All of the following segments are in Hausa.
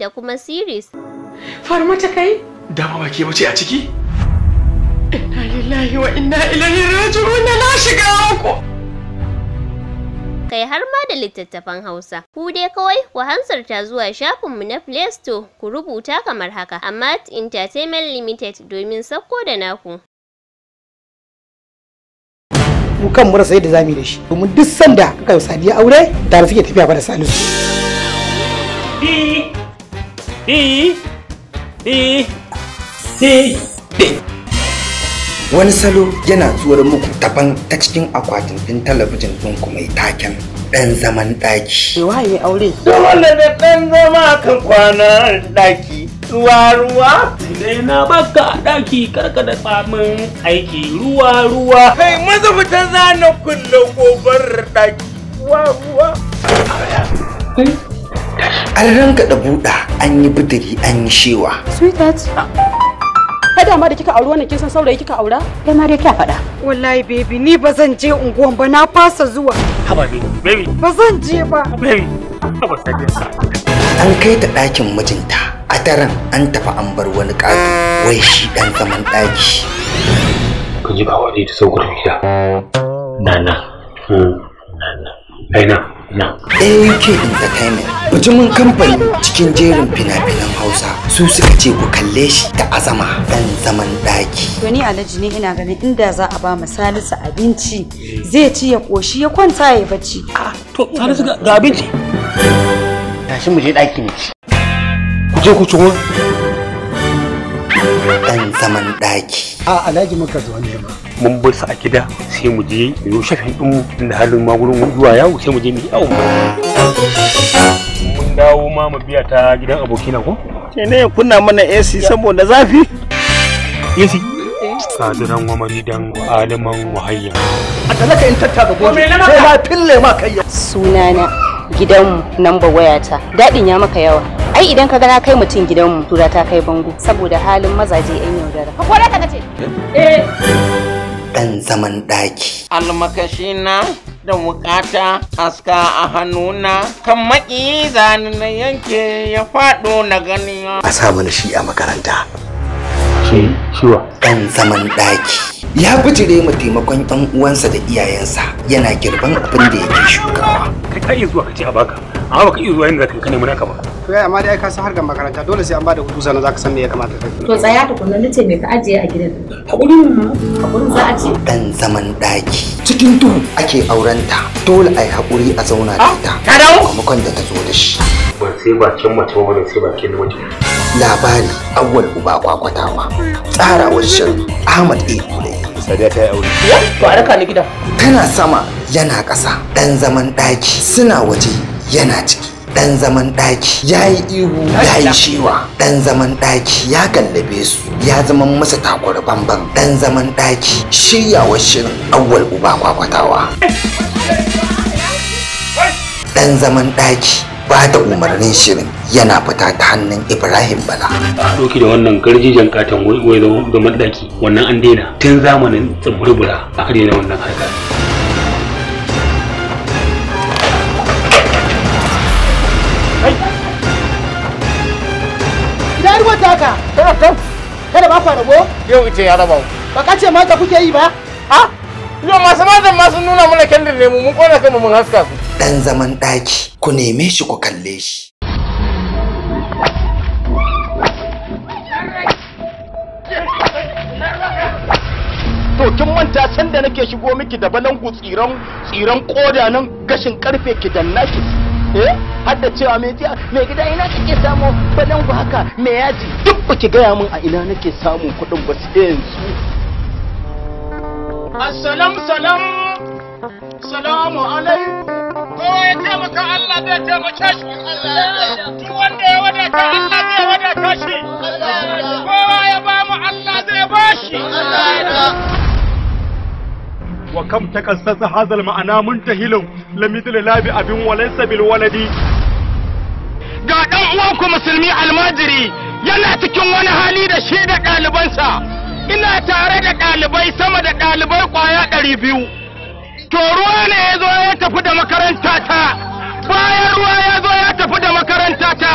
da kuma series. Farmata kai? Dama ba ke wuce a ciki? Inna lillahi wa inna ilaihi raji'un na shiga ku. Kai har ma da littattafan Hausa. Ku dai kawai ku hansarta zuwa shafinmu na Play Store ku rubuta kamar haka, amma Entertainment Limited domin sakko da naku. mu kan mura sai da zamu da shi domin duk sanda kaka yi sadiya aure da suke tafiya ba da salisu D e, e, D Wani salo yana zuwar muku daban ta cikin akwatin din talabijin din ku mai taken ɗan zaman ɗaki. wa yi aure. Da wannan da ɗan zama kan kwana daki Ruwa ruwa. Sai na baka a ɗaki karka da tsamin aiki ruwa ruwa. Kai maza fita zana kulle gobar ɗaki. Ruwa ruwa. an ranka da buɗa an yi bidiri an yi shewa sweetheart kada ma da kika aure wannan kin san saurayi kika aura kai ma dai kya faɗa wallahi baby ni ba zan je unguwan ba na fasa zuwa haba baby ba zan je ba baby haba an kai ta ɗakin mijinta a daren an tafi an bar wani ƙato wai shi ɗan zaman ɗaki kun ji ba wani da saukar gida nana hmm, nana aina na ak entertainment bijimin kamfani cikin jerin fina-finan hausa su suka ce ku kalle shi da azama dan zaman daki to ni alhaji ne ina ganin inda za a ba salisu abinci zai ci ya koshi ya kwanta ya bacci ah, to salisu ga abinci tashi mu je daki ne ku je ku ci dan zaman daki a ah, alhaji maka zuwa ne mun bar su a gida sai mu je mu yi shafin da inda halin magunan zuwa yawo sai mu je mu yi mun dawo ma mu biya ta gidan abokina ko ke ne kunna mana AC saboda zafi AC kadiran wa maridan aliman wahayya. a talaka in tattaka gobe sai ma fille ma kayya sunana gidanmu number wayata daɗin ya maka yawa ai idan ka gana kai mutum gidanmu tura ta kai bango saboda halin mazaje yan yaudara ka kore ka ce eh ɗan zaman ɗaki. Almakashi na da mukata aska a hannuna kan maki zani na yanke ya faɗo na gani. A sa mana shi a makaranta. Shi shiwa. Ɗan zaman ɗaki. Ya bijire ma taimakon ɗan uwansa da iyayensa yana girban abin da yake shukawa. Kai ka iya zuwa ka ce a baka. amma baka iya zuwa inda zaka kane muna ka ba to amma dai ka san harkar makaranta dole sai an bada hutu sannan zaka san me ya kamata kai to tsaya tukunna nace me ka ajiye a gidan hakuri hakuri za a ce dan zaman daki cikin duhu ake aurenta dole ai hakuri a zauna da ah, ita ka dawo kuma da ta zo da shi ba sai bakin mace ba ne sai kin namiji labari awwal uba kwakwatawa tsarawar shirin ahmad e kulai sadiya ta yi aure ya to a raka ni gida tana sama yana ƙasa ɗan zaman ɗaki suna waje yana ciki dan zaman daki ya yi ihu ya yi shewa dan zaman daki ya gallabe su ya zama masa takwar bambam. dan zaman daki shiryawa shirin awwal uba kwakwatawa dan zaman daki ba da umarnin shirin yana fita ta hannun ibrahim bala doki da wannan garjijan katon wai da madaki wannan an daina tun zamanin tsibirbira, a na wannan harkar raba kada ba ku rabo yau ce ya raba ba ka ce mata kuke yi ba a su masu mazan ma nuna mana kendir ne mu mun kona kai mun haska su dan zaman daki ku neme shi ku kalle shi to kin manta san da nake shigo miki da balangu tsiran tsiran koda nan gashin karfe ki danna ki eh har da cewa mai ji mai gida ina kake samu balan ku haka me yaji duk ki gaya min a ina nake samun kudin ba sai yanzu assalamu salam salamu alaikum kowa ya taimaka Allah zai taimaka shi duk wanda ya wadata Allah zai wadata shi kowa ya ba mu Allah zai ba shi wa kam takassasa hazal ma'ana muntahilun lamithil labi abin walaysa bil waladi ga dan uwanku musulmi almajiri yana cikin wani hali da shi da ɗalibansa ina tare da ɗalibai sama da ɗalibai kwaya ɗari biyu to ruwa ne ya zo ya tafi da makaranta ta bayan ruwa ya zo ya tafi da makaranta ta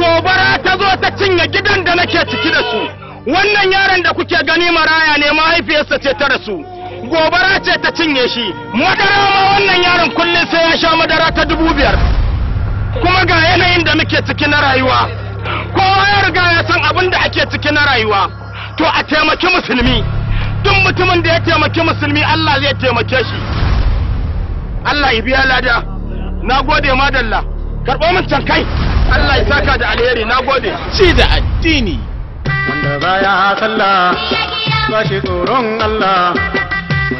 gobara ta zo ta cinye gidan da nake ciki da su wannan yaron da kuke gani maraya ne mahaifiyarsa ce ta rasu gobara ce ta cinye shi madara ma wannan yaron kullum sai ya sha madara ta dubu biyar kuma ga yanayin da muke ciki na rayuwa kowa ya riga ya san abin da ake ciki na rayuwa to a taimaki musulmi duk mutumin da ya taimaki musulmi Allah zai taimake shi Allah ya biya lada na gode madalla karɓo min can kai Allah ya saka da alheri na gode ci da addini wanda baya sallah ba shi tsoron Allah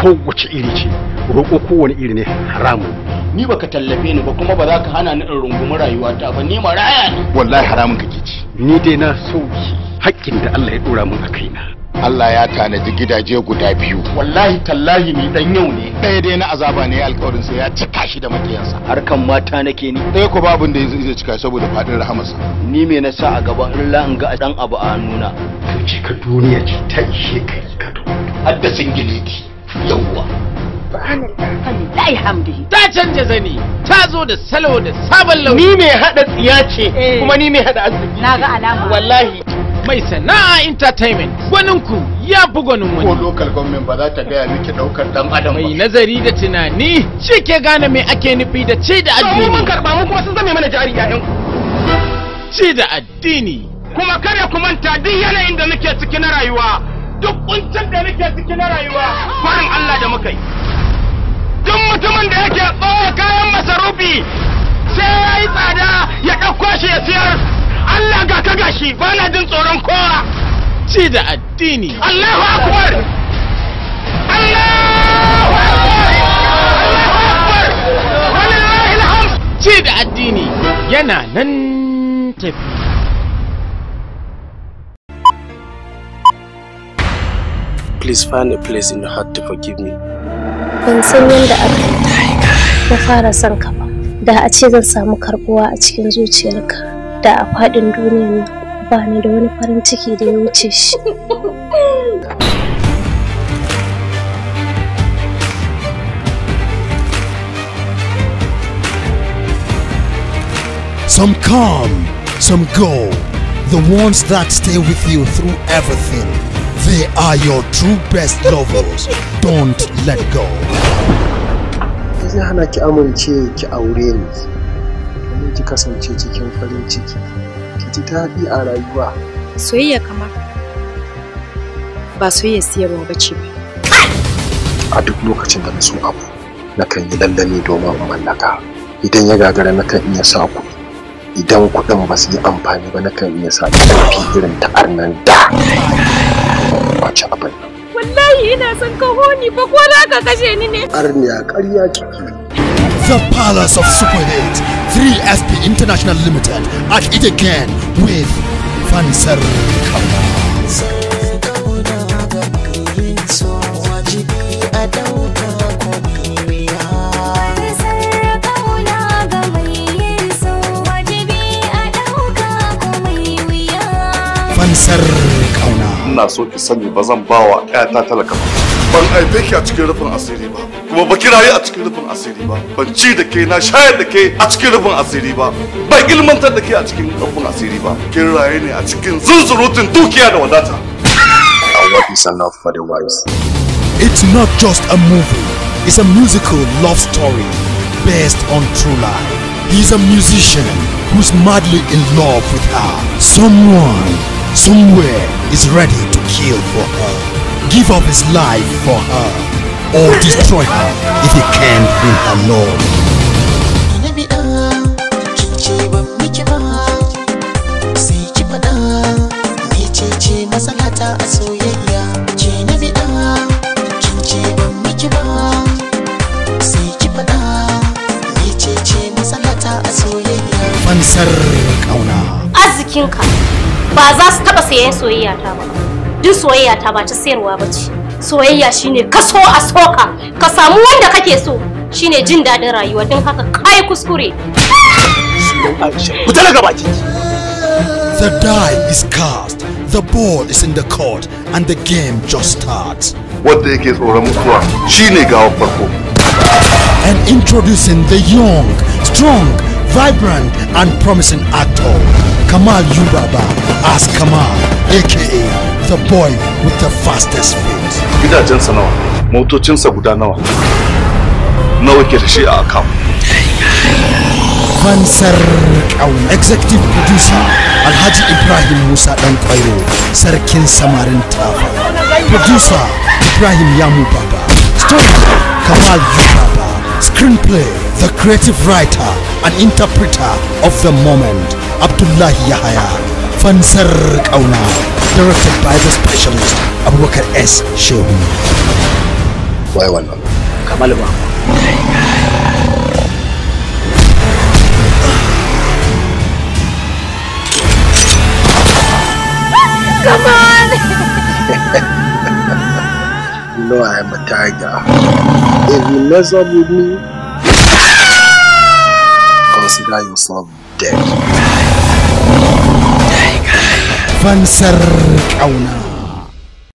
kowace iri ce roƙo kowane iri ne haramu ni baka tallafe ni ba kuma ba za ka hana ni in rungumi rayuwata ba ni maraya ne wallahi haramun kake ci ni dai na sauki haƙƙin da Allah ya dora min a kaina Allah ya tanadi gidaje guda biyu. Wallahi tallahi ni dan yau ne. Ɗaya dai na azaba ne alƙawarin sa ya cika shi da makiyansa. Harkan mata nake ni. Ɗaya ko babu da zai cika saboda faɗin rahamarsa. Ni me na sa a gaba in la in ga dan abu a nuna. Ka ka duniya ce ta ishe kai ka to. Haddasin giliti. yawwa lai hamdihi ta canja zani ta zo da salo da sabon launi ni mai hada tsiya ce eh. kuma ni mai hada arziki na ga alama wallahi mai sana'a entertainment gwaninku ya fi gwanin wani. Ko local government ba za ta gaya miki ɗaukar dan adam ba. Mai nazari da tunani shi ke gane me ake nufi da ci da addini. Mun karɓa mu kuma sun zame mana jari ƴaƴan. Ci da addini. Kuma kare ku manta duk yanayin da muke ciki na rayuwa duk kuncin da nake ciki na rayuwa farin Allah da muka yi duk mutumin da yake tsawo kayan masarufi sai ya yi tsada ya ɗauko shi ya siyar Allah ga ka gashi ba na jin tsoron kowa ci da addini Allahu akbar Allahu akbar Allahu alhamd ci da addini yana nan tafi Please find a place in your heart to forgive me. Ban san yadda aka na fara son ka ba. Da a ce zan samu karbuwa a cikin zuciyarka. Da a faɗin duniyar nan ba ni da wani farin ciki da ya wuce shi. Some come, some go. The ones that stay with you through everything They are your true best lovers. Don't let go. Zai hana ki amince ki aure ni. Domin ki kasance cikin farin ciki. Ki ji daɗi a rayuwa. Soyayya kamar ba soyayya siyarwa ba ce ba. A duk lokacin da na so abu, nakan yi lallami domin mallaka. Idan ya gagara nakan iya sa kuɗi. idan kuɗin ba su yi amfani ba na kan iya sa ƙarfi irin ta arnan da a abin wallahi ina son ka honi ba ko za ka kashe ni ne arniya ƙarya kike The Palace of Super Hit 3SP International Limited at it again with Fansar Kamal. Sir. Ina so ki sani ba zan ba wa ƴata talaka ba ban haife ki a cikin rufin asiri ba kuma ba kiraye a cikin rufin asiri ba ban ci da ke na shayar da ke a cikin rufin asiri ba ban ilmantar da ke a cikin rufin asiri ba kin raye ne a cikin zunzurutun dukiya da wadata what is enough for the wise it's not just a movie it's a musical love story based on true life he's a musician who's madly in love with her someone somewhere is ready to kill for her, give up his life for her, or destroy her if he can not win her love. taɓa sayen soyayya ta ba duk soyayya ta ba ta sayarwa ba ce soyayya shine ka so a soka ka samu wanda kake so shine jin daɗin rayuwa don haka kai kuskure ku ta baki the die is cast the ball is in the court and the game just starts wanda yake tsoron mutuwa shine gawa farko and introducing the young strong vibrant and promising actor kamal yubaba as Kamal, aka the boy with the fastest feet. Gidajensa nawa, motocinsa guda nawa, nawa ke da shi a akam. Fansar kaun executive producer Alhaji Ibrahim Musa Dan Kwairo, sarkin samarin tafa. Producer Ibrahim Yamu Baba, story Kamal yubaba screenplay The Creative Writer and Interpreter of the Moment, Abdullahi Yahaya. fansar kauna directed by the specialist abubakar s shehu Why one kamal Come on! you know I am a tiger. If you mess up with me, consider yourself dead. fansar ƙauna